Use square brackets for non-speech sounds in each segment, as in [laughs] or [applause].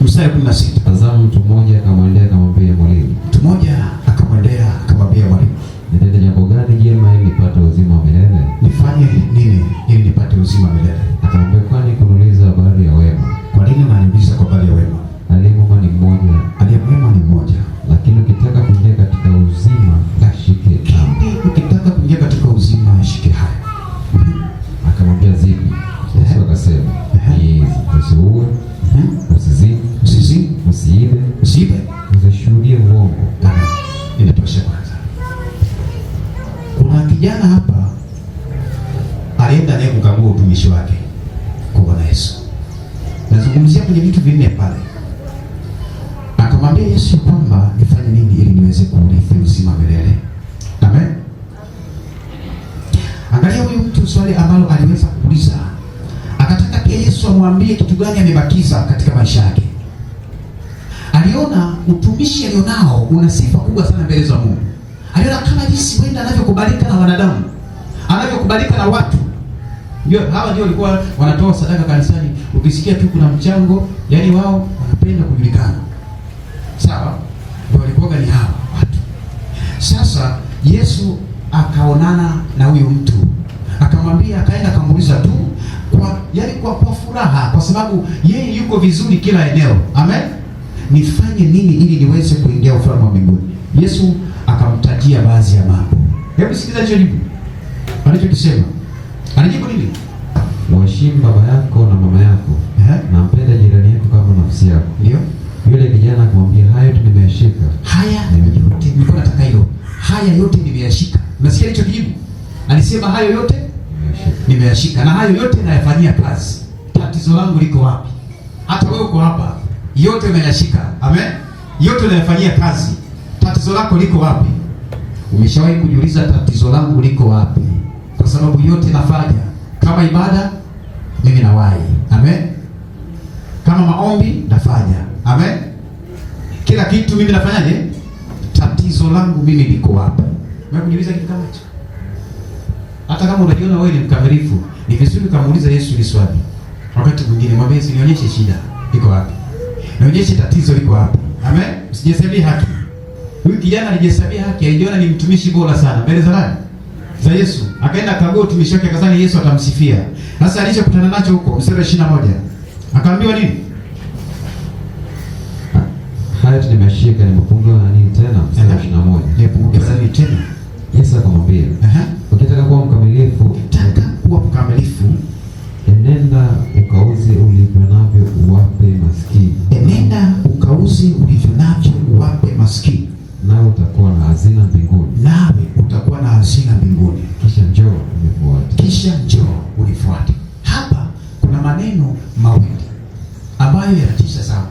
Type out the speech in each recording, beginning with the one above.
mstari 16. Tazama mtu mmoja akamwendea akamwambia, mwalimu ulionao una sifa kubwa sana mbele za Mungu. Aliona kama jinsi wenda anavyokubalika na wanadamu, anavyokubalika na watu. Ndio hawa ndio walikuwa wanatoa sadaka kanisani. Ukisikia tu kuna mchango, yani wao wanapenda kujulikana. Sawa? Ndio walikuwa ni hawa watu. Sasa Yesu akaonana na huyo mtu. Akamwambia, akaenda akamuuliza tu kwa yani kwa, kwa furaha kwa sababu yeye yuko vizuri kila eneo. Amen nifanye nini ili niweze kuingia ufalme wa mbinguni? Yesu akamtajia baadhi ya mambo. Hebu sikiliza hicho jibu anachokisema, anajibu nini? Mheshimu baba yako na mama yako na jirani yako kama nafsi yako. Ndio yule kijana akamwambia, hayo tu nimeyashika. Haya yote nilikuwa nataka hilo, haya yote nimeyashika. Unasikia hicho kijibu, alisema hayo yote nimeyashika na hayo yote nayafanyia kazi. Tatizo langu liko wapi? Hata wewe uko hapa yote umeyashika. Amen, yote unayofanyia kazi. Tatizo lako liko wapi? Umeshawahi kujiuliza tatizo langu liko wapi? Kwa sababu yote nafanya kama ibada, mimi nawahi. Amen, kama maombi nafanya. Amen, kila kitu mimi nafanyaje? Tatizo langu mimi liko wapi? Unajiuliza kitu kama hicho? Hata kama unajiona wewe ni mkamilifu, ni vizuri kumuuliza Yesu ni swali. Wakati mwingine mwambie, sinionyeshe shida iko wapi? Naonyesha tatizo liko hapa. Amen. Usijihesabie haki. Huyu kijana alijihesabia haki, alijiona ni mtumishi bora sana. Mbele za nani? Za Yesu. Akaenda akagua utumishi wake akazani Yesu atamsifia. Sasa alichokutana nacho huko mstari 21. Akaambiwa nini? Haya nimeshika nimefunga na nini tena mstari 21. Hebu kesali tena. Yesu akamwambia, "Aha, ukitaka kuwa mkamilifu, ukitaka kuwa mkamilifu, Enenda ukauze ulivyo navyo uwape maskini. Enenda ukauze ulivyo navyo uwape maskini. Nawe utakuwa na hazina mbinguni. Nawe utakuwa na hazina mbinguni. Kisha njoo unifuate. Kisha njoo unifuate. Hapa kuna maneno mawili ambayo yanatisha sana.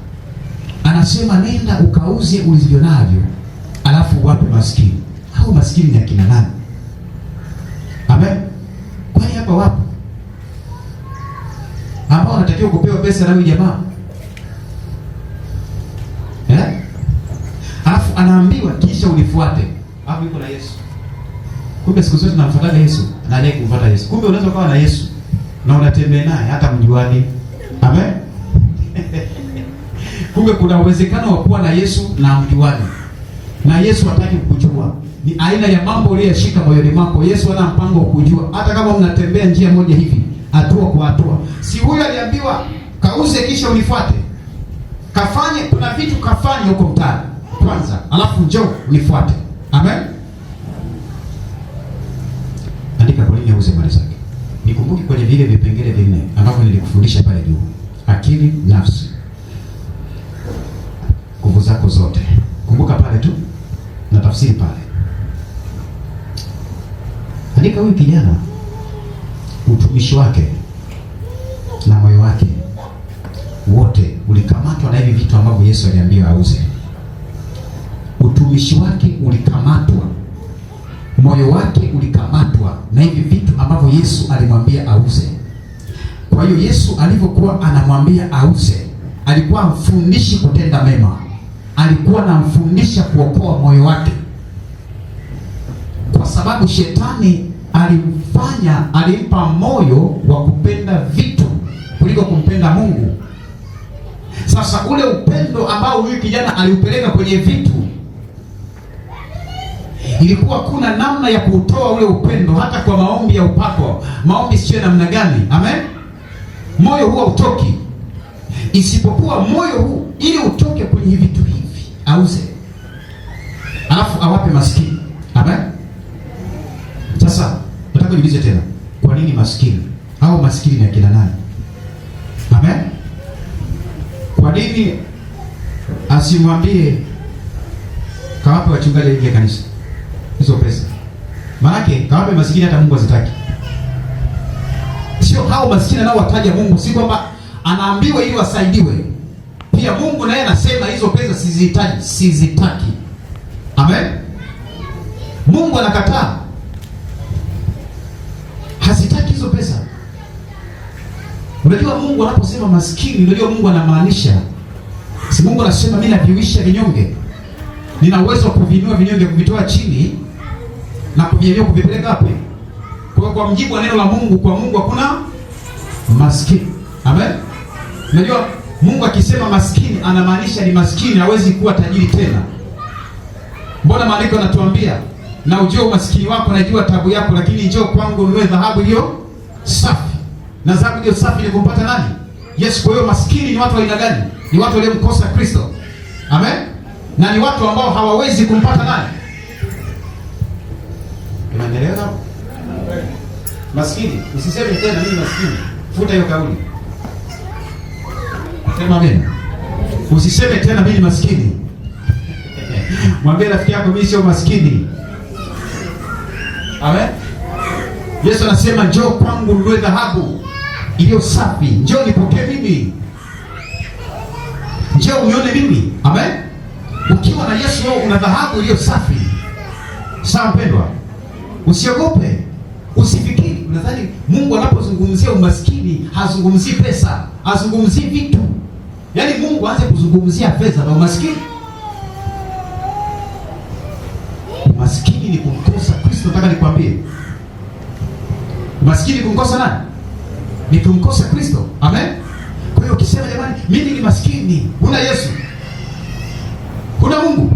Anasema nenda ukauze ulivyo navyo alafu uwape maskini. Hao maskini ni akina nani? Amen. Kwani hapa wapo? anatakiwa kupewa pesa na huyu jamaa eh? Alafu anaambiwa kisha unifuate, alafu yuko na Yesu. Kumbe siku zote namfuataga Yesu na ndiye kumfuata Yesu. Kumbe unaweza kuwa na Yesu na unatembea naye hata mjuani. Amen. [laughs] Kumbe kuna uwezekano wa kuwa na Yesu na mjuani, na Yesu hataki kukujua. ni aina ya mambo uliyashika moyoni mwako. Yesu ana mpango kujua, hata kama mnatembea njia moja hivi hatua kwa hatua. Si huyo aliambiwa kauze kisha unifuate, kafanye. Kuna vitu kafanye huko mtaani kwanza, alafu njoo unifuate. Amen. Andika kwa nini auze mali zake. Nikumbuke kwenye vile vipengele vinne ambavyo nilikufundisha pale juu: akili, nafsi, nguvu zako zote. Kumbuka pale tu na tafsiri pale. Andika huyu kijana utumishi wake na moyo wake wote ulikamatwa na hivi vitu ambavyo Yesu aliambiwa auze. Utumishi wake ulikamatwa, moyo wake ulikamatwa na hivi vitu ambavyo Yesu alimwambia auze. Kwa hiyo Yesu alivyokuwa anamwambia auze, alikuwa amfundishi kutenda mema, alikuwa anamfundisha kuokoa moyo wake, kwa sababu shetani alimfanya alimpa moyo wa kupenda vitu kuliko kumpenda Mungu. Sasa ule upendo ambao huyu kijana aliupeleka kwenye vitu, ilikuwa kuna namna ya kuutoa ule upendo, hata kwa maombi ya upako, maombi sio namna gani? Amen, moyo huwa utoki, isipokuwa moyo huu ili utoke kwenye vitu hivi auze, alafu awape maskini. Amen, sasa hebu niulize tena, kwa nini maskini au maskini ni akina nani? Amen. Kwa nini asimwambie kawape wachungaji aingie kanisa hizo pesa? Maanake kawape maskini hata Mungu azitaki. Sio hao maskini nao wataja Mungu, si kwamba anaambiwa ili wasaidiwe. Pia Mungu naye anasema hizo pesa sizihitaji, sizitaki. Amen. Mungu anakataa hazitaki hizo pesa. Unajua Mungu anaposema maskini, unajua Mungu anamaanisha si Mungu anasema mimi naviwisha vinyonge, nina uwezo wa kuvinua vinyonge, kuvitoa chini na kuvielewa, kuvipeleka wapi? Kwa kwa mjibu wa neno la Mungu, kwa Mungu hakuna maskini. Amen. Unajua Mungu akisema maskini anamaanisha ni maskini, hawezi kuwa tajiri tena. Mbona maandiko yanatuambia na ujue umaskini wako, najua tabu yako, lakini njoo kwangu ununue dhahabu iliyo safi. Na dhahabu iliyo safi ni kumpata nani? Yesu. Kwa hiyo maskini ni watu wa aina gani? Ni watu waliomkosa Kristo, amen, na ni watu ambao hawawezi kumpata nani? Unaelewa? Maskini usiseme tena mimi maskini, futa hiyo kauli, sema amen. Usiseme tena mimi maskini, [laughs] mwambie rafiki yako mimi sio maskini. Amen. Yesu anasema njoo kwangu mlue dhahabu iliyo safi, njoo nipokee mimi, njoo unione mimi. Amen. Ukiwa na Yesu wewe una dhahabu iliyo safi. Sawa mpendwa, usiogope, usifikiri. Nadhani Mungu anapozungumzia umaskini hazungumzii pesa, hazungumzii vitu. Yaani Mungu aanze kuzungumzia fedha na umaskini nataka nikwambie, maskini kumkosa nani? Ni kumkosa Kristo. Amen. Kwa hiyo ukisema jamani, mimi ni maskini, huna Yesu, huna Mungu,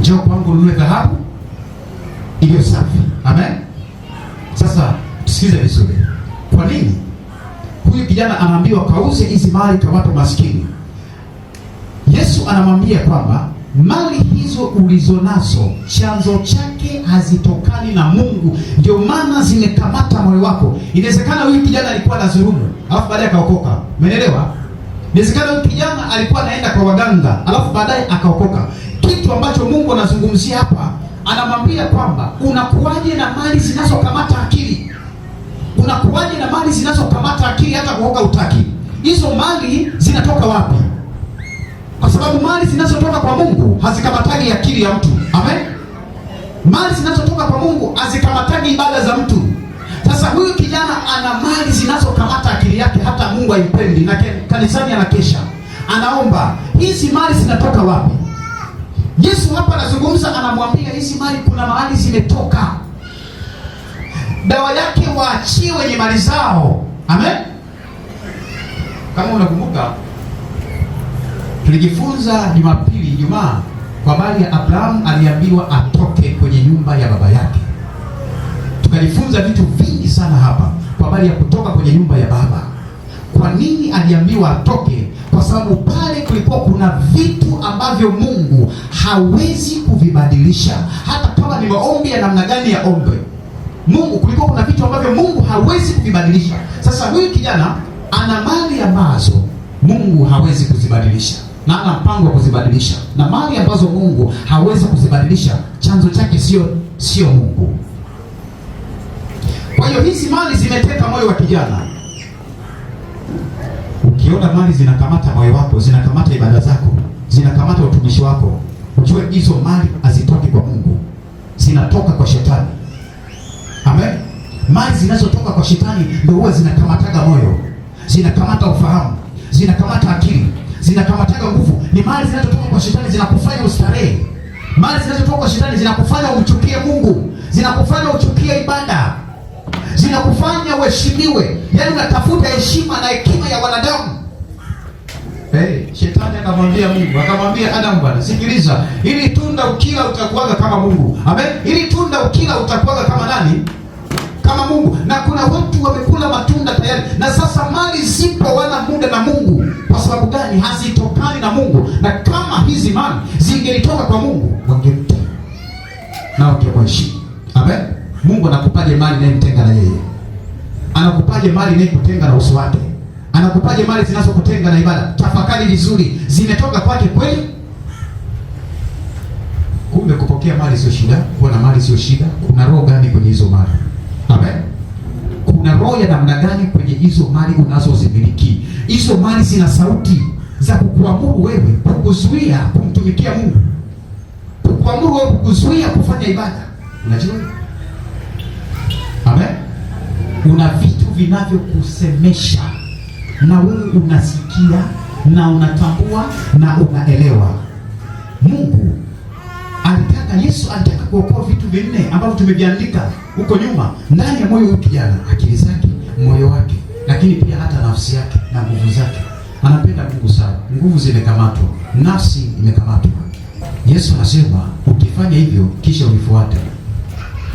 njoo kwangu nunue dhahabu iliyo safi. Amen. Sasa tusikize vizuri, kwa nini huyu kijana anaambiwa kauze hizi mali watu maskini? Yesu anamwambia kwamba mali Tatizo ulizo nazo chanzo chake hazitokani na Mungu, ndio maana zimekamata moyo wako. Inawezekana huyu kijana alikuwa na zurumu, alafu baadaye akaokoka. Umeelewa? Inawezekana huyu kijana alikuwa anaenda kwa waganga, alafu baadaye akaokoka. Kitu ambacho Mungu anazungumzia hapa, anamwambia kwamba unakuwaje na mali zinazokamata akili? Unakuwaje na mali zinazokamata akili hata kuoga utaki? Hizo mali zinatoka wapi? kwa sababu mali zinazotoka kwa Mungu hazikamatagi akili ya mtu. Amen. Mali zinazotoka kwa Mungu hazikamatagi ibada za mtu. Sasa huyu kijana ana mali zinazokamata akili yake, hata Mungu haimpendi, na kanisani anakesha, anaomba. Hizi mali zinatoka wapi? Yesu hapa anazungumza, anamwambia hizi mali, kuna mahali zimetoka. Dawa yake waachie wenye mali zao. Amen. Kama unakumbuka Tulijifunza Jumapili Ijumaa kwa habari ya Abrahamu aliambiwa atoke kwenye nyumba ya baba yake. Tukajifunza vitu vingi sana hapa kwa habari ya kutoka kwenye nyumba ya baba. Kwa nini aliambiwa atoke? Kwa sababu pale kulikuwa kuna vitu ambavyo Mungu hawezi kuvibadilisha, hata kama ni maombi ya namna gani ya ombe Mungu, kulikuwa kuna vitu ambavyo Mungu hawezi kuvibadilisha. Sasa huyu kijana ana mali ambazo Mungu hawezi kuzibadilisha na ana mpango wa kuzibadilisha, na mali ambazo Mungu hawezi kuzibadilisha chanzo chake sio sio Mungu. Kwa hiyo hizi mali zimeteka moyo wa kijana. Ukiona mali zinakamata moyo wako, zinakamata ibada zako, zinakamata utumishi wako, ujue hizo mali hazitoki kwa Mungu, zinatoka kwa shetani. Amen. Mali zinazotoka kwa shetani ndio huwa zinakamataga moyo, zinakamata ufahamu, zinakamata akili zinakamataga nguvu, ni mali zinazotoka kwa shetani zinakufanya ustarehe. Mali zinazotoka kwa shetani zinakufanya umchukie Mungu, zinakufanya uchukie ibada, zinakufanya uheshimiwe, yaani unatafuta heshima na hekima ya wanadamu. Hey, shetani akamwambia Mungu, akamwambia Adamu, bwana sikiliza, ili tunda ukila utakuwaga kama Mungu. Amen. Ili tunda ukila utakuwaga kama nani? Kama Mungu. Na kuna watu wamekula matunda tayari, na sasa mali zipo, wana muda na Mungu duniani hazitokani na Mungu, na kama hizi imani zingelitoka kwa Mungu wangemte na wangekuheshimu. Amen. Mungu anakupaje mali inayemtenga na yeye? Anakupaje mali inayokutenga na uso wake? Anakupaje mali zinazokutenga na ibada? Tafakari vizuri, zimetoka kwake kweli? Kumbe kupokea mali sio shida, kuwa na mali sio shida. Kuna roho gani kwenye hizo mali? Amen. Kuna roho ya namna gani kwenye hizo mali unazozimiliki? Hizo mali zina sauti za kukuamuru wewe kukuzuia kumtumikia Mungu, kukuamuru wewe kukuzuia kufanya ibada. Unajua amen, kuna vitu vinavyokusemesha na wewe unasikia na unatambua na unaelewa. Mungu alitaka, Yesu alitaka kuokoa vitu vinne ambavyo tumeviandika huko nyuma ndani ya moyo huyu kijana, akili zake, moyo wake, lakini pia hata nafsi yake na nguvu zake anapenda Mungu sana. Nguvu zimekamatwa, nafsi imekamatwa. Yesu anasema ukifanya hivyo kisha unifuate.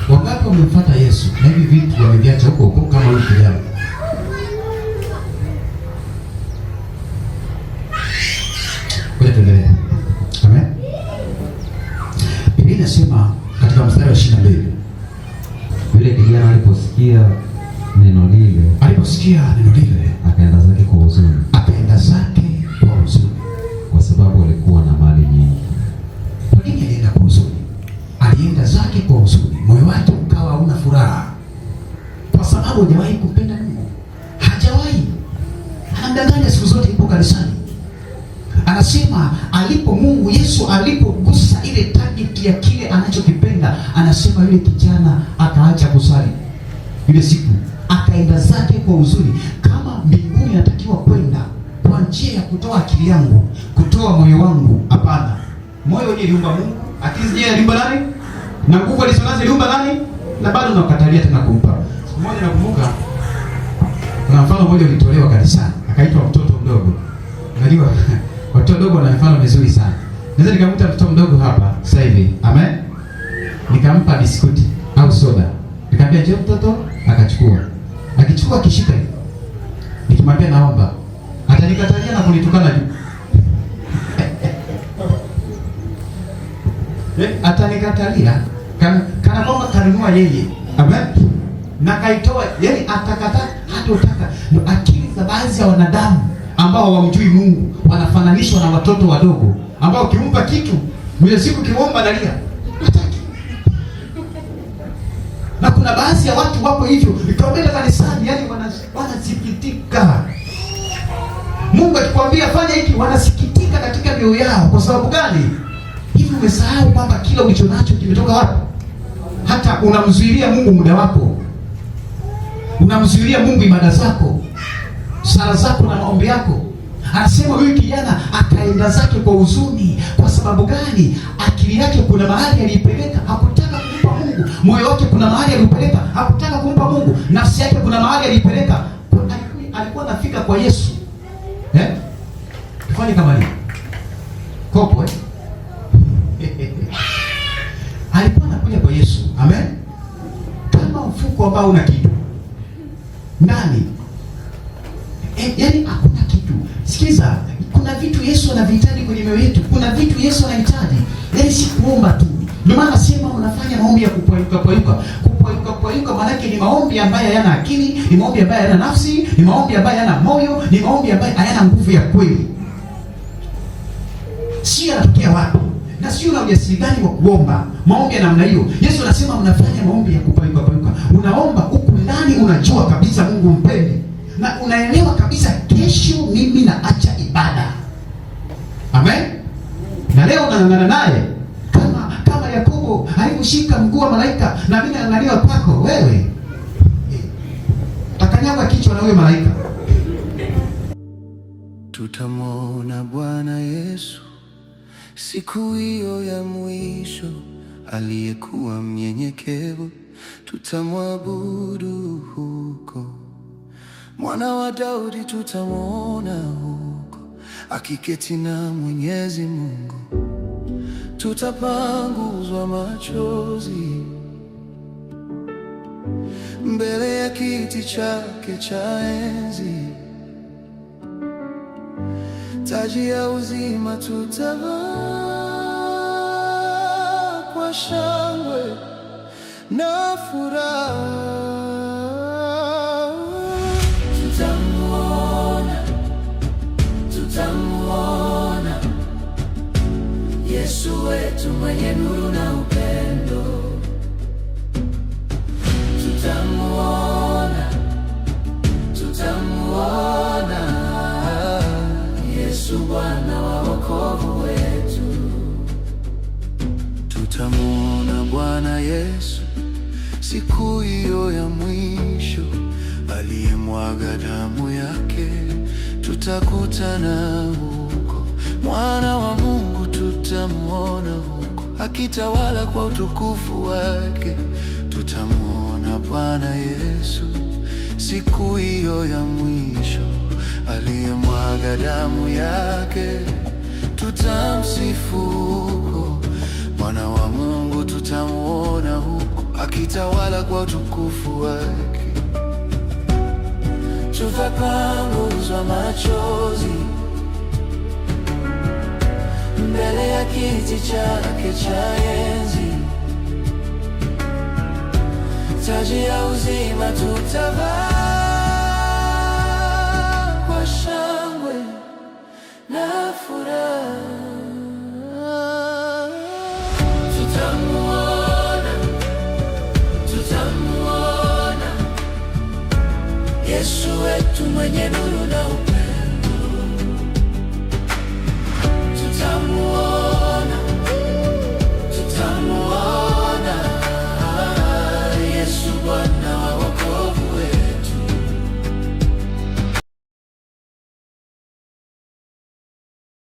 Wangapi wamemfuata Yesu na hivi vitu wameviacha huko huko kama huyu kijana? hapo hajawahi kumpenda Mungu, hajawahi anamdanganya siku zote, ipo kanisani. Anasema alipo Mungu Yesu alipogusa ile target ya kile anachokipenda, anasema yule kijana akaacha kusali ile siku, akaenda zake kwa uzuri. Kama mbinguni natakiwa kwenda kwa njia ya kutoa akili yangu, kutoa moyo wangu? Hapana, moyo wenyewe liumba Mungu, akili zenyewe nani? Na nguvu alizonazo liumba nani? Na bado unakatalia tena kumpa mmoja nakumbuka, kuna mfano mmoja ulitolewa kanisani, akaitwa mtoto mdogo. Unajua [laughs] watoto wadogo wana mfano mizuri sana. Naweza nikamkuta mtoto mdogo hapa sasa hivi, amen, nikampa biskuti au soda, nikamwambia je, mtoto akachukua, akichukua akishika hivi, nikimwambia naomba, atanikatalia na kunitukana juu [laughs] eh, atanikatalia kana kwamba kanunua yeye. Amen na kaitoa, yani atakata hatotaka. Ndio akili za baadhi ya wanadamu ambao hawamjui Mungu, wanafananishwa na watoto wadogo ambao ukimpa kitu mwenye siku kiomba analia Na kuna baadhi ya watu wako hivyo, ukiwaambia kanisani, yani wanasikitika. Mungu akikwambia fanya hiki, wanasikitika katika mioyo yao. Kwa sababu gani? Hivi umesahau kwamba kila ulicho nacho kimetoka wapi? Hata unamzuilia Mungu muda wako unamzuilia Mungu ibada zako, sala zako na maombi yako. Anasema huyu kijana akaenda zake kwa huzuni. Kwa sababu gani? Akili yake kuna mahali aliipeleka, hakutaka kumpa Mungu. Moyo wake kuna mahali aliupeleka, hakutaka kumpa Mungu. Nafsi yake kuna mahali aliipeleka, alikuwa anafika kwa Yesu eh? Fanya kama hivi kopo eh? [laughs] alikuwa anakuja kwa Yesu amen, kama mfuko ambao una nani? E, yani hakuna kitu. Sikiza, kuna vitu Yesu anavihitaji kwenye mioyo yetu, kuna vitu Yesu anahitaji. Yani si kuomba tu, ndio maana sema unafanya maombi ya kupwayuka pwayuka kupwayuka pwayuka, maanake ni maombi ambayo hayana akili, ni maombi ambayo hayana nafsi, ni maombi ambayo hayana moyo, ni maombi ambayo hayana nguvu ya kweli. Si yanatokea wapi? na sio na gani wa kuomba maombi ya namna hiyo. Yesu anasema mnafanya maombi ya kupayuka payuka, unaomba huku ndani unajua kabisa Mungu mpendi, na unaelewa kabisa kesho mimi naacha ibada. Amen. Na leo naang'ana naye kama kama Yakobo alikushika mguu wa malaika, na mimi naangalia kwako wewe, takanyaga eh, kichwa na wewe malaika, tutamwona Bwana. Siku hiyo ya mwisho aliyekuwa mnyenyekevu tutamwabudu huko, mwana wa Daudi tutamwona huko akiketi na Mwenyezi Mungu, tutapanguzwa machozi mbele ya kiti chake cha enzi taji ya uzima tutavaa kwa shangwe na furaha. Tutamuona, tutamuona Yesu wetu mwenye nuru na upendo, tutamuona Yesu Bwana wa wokovu wetu. Tutamwona Bwana Yesu siku hiyo ya mwisho, aliyemwaga damu yake tutakutana huko. Mwana wa Mungu tutamwona huko, akitawala kwa utukufu wake. Tutamwona Bwana Yesu siku hiyo ya mwisho, aliyemwaga damu yake tutamsifu huko, mwana wa Mungu tutamwona huko, akitawala kwa utukufu wake. Tutapanguzwa machozi mbele ya kiti chake cha enzi mitaji ya uzima tutavaa kwa shangwe na furaha. Tutamuona, tutamuona Yesu wetu mwenye nuru na